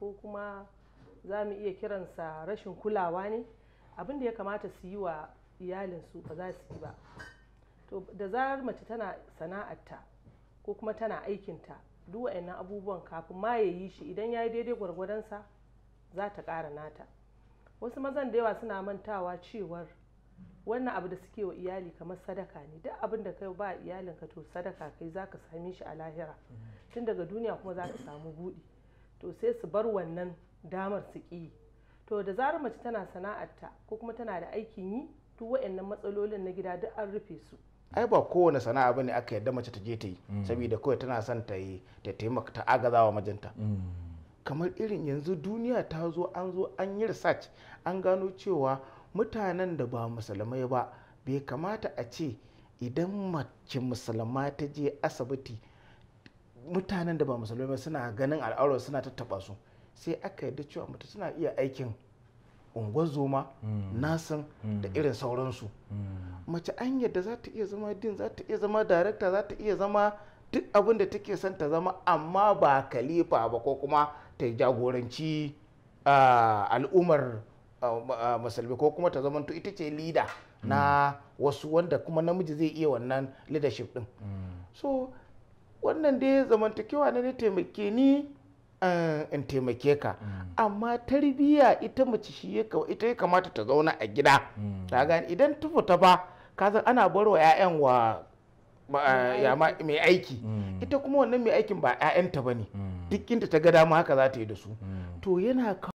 ko kuma za mu iya kiransa rashin kulawa ne abin da ya kamata su yi wa iyalinsu ba za su yi ba to da zarar mace tana sana'arta ko kuma tana aikinta duk wa'annan abubuwan kafin ma ya yi shi idan ya yi daidai gwargwadonsa za ta ƙara nata wasu mazan da yawa suna mantawa cewar wannan abu da suke wa iyali kamar sadaka ne duk abin da kai ba iyalinka to sadaka kai za ka same shi a lahira tun daga duniya kuma za ka samu buɗi to sai su bar wannan damar su ƙi to da zarar mace tana sana'arta ko kuma tana da aikin yi duk wa'annan matsalolin na gida duk an rufe su ai ba kowane sana'a bane aka yarda mace ta je ta yi mm. saboda kawai tana son ta yi ta taimaka ta agazawa majinta mm. kamar irin yanzu duniya ta zo an zo an yi research an gano cewa mutanen da ba musulmai ba bai kamata a ce idan mace musulma ta je asibiti mutanen da ba musulmai suna ganin al'aura suna tattaba su sai aka yarda cewa mutu suna iya aikin ungozoma mm. nasan da mm. irin sauransu mm. mace an yadda za ta iya zama din za ta iya zama darakta za ta iya zama duk abin da take son ta zama amma ba kalifa ba ko kuma ta jagoranci al'ummar musulmi ko kuma ta zama ita ce lida na wasu wanda kuma namiji zai iya wannan leadership din so wannan dai zamantakewa ne taimake ni eh, in taimake ka mm. amma tarbiyya ita mace shi ya ita ya kamata ta zauna a gida ta mm. gani idan ta fita ba ka san ana bar wa eh, 'ya'yan wa mai aiki mm. ita kuma wannan mai aikin ba 'ya'yanta ba ne duk inda ta ga dama haka za ta yi da su to yana